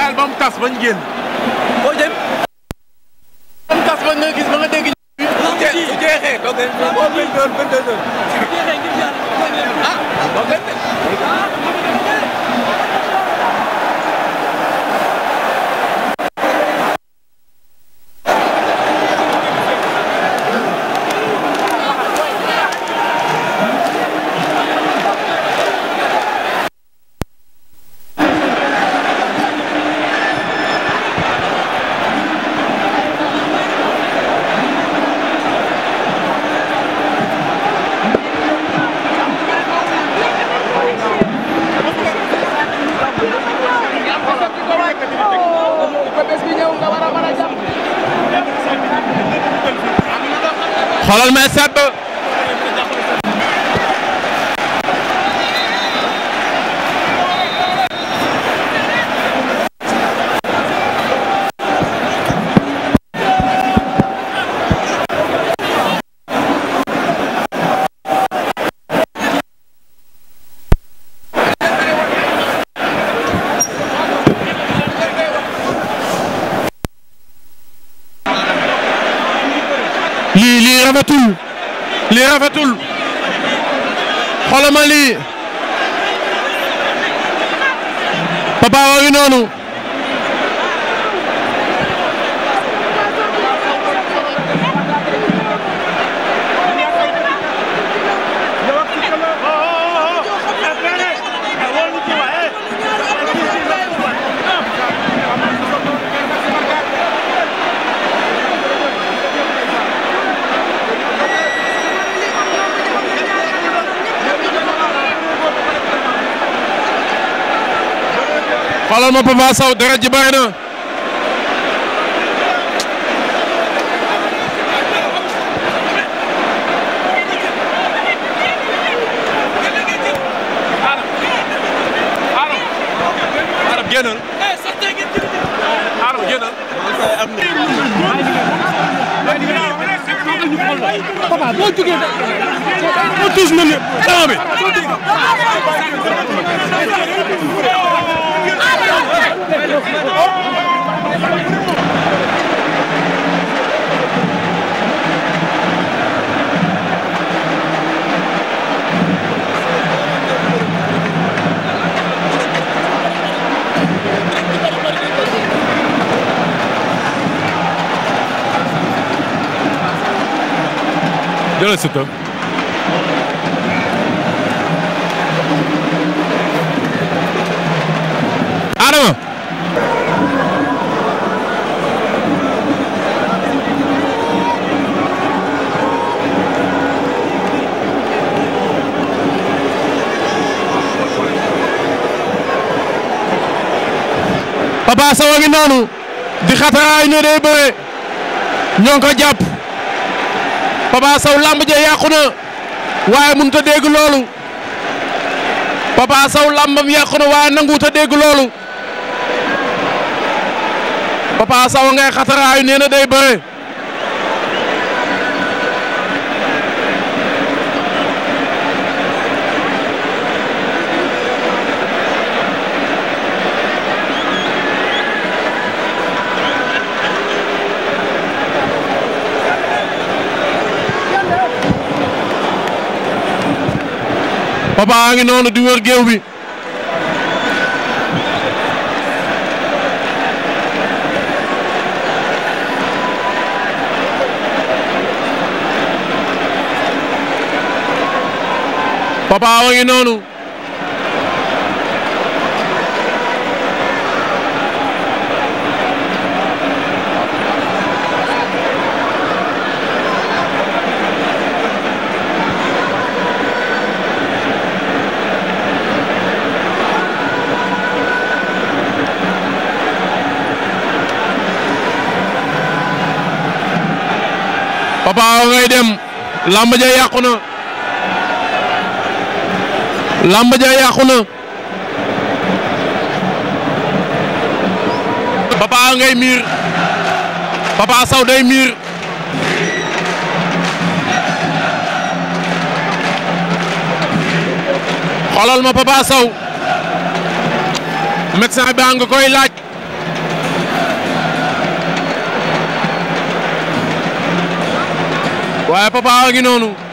bàyyil ba mu tas bañ génn. boo jëm. ba mu tas ba nga gis ba nga dégg. su jeexee su jeexee. donc boo 22 22 heures. xoolal ma stade ba rafetul xoolal ma lii Papa waa ngi noonu xoolal ma Papa Sow dara ji na Tyle si to. Papa Sow a ngi noonu di xataraay ne day bëre ñoo ngi ko jàpp Papa Sow lamb ja yàqu na waaye mënut a dégg loolu Papa Sow lambam yàqu na waaye nanguut a dégg loolu Papa Sow ngay xataraayu nee na day bëre. Papa a ngi noonu di wër géew bi. Papa a ngi noonu. Papa Awa ngay dem làmb ja yàqu na ja yàqu Papa Awa miir Papa Sow day miir xoolal ma Papa Sow médecin bi nga koy laaj waaye Papa a ngi noonu.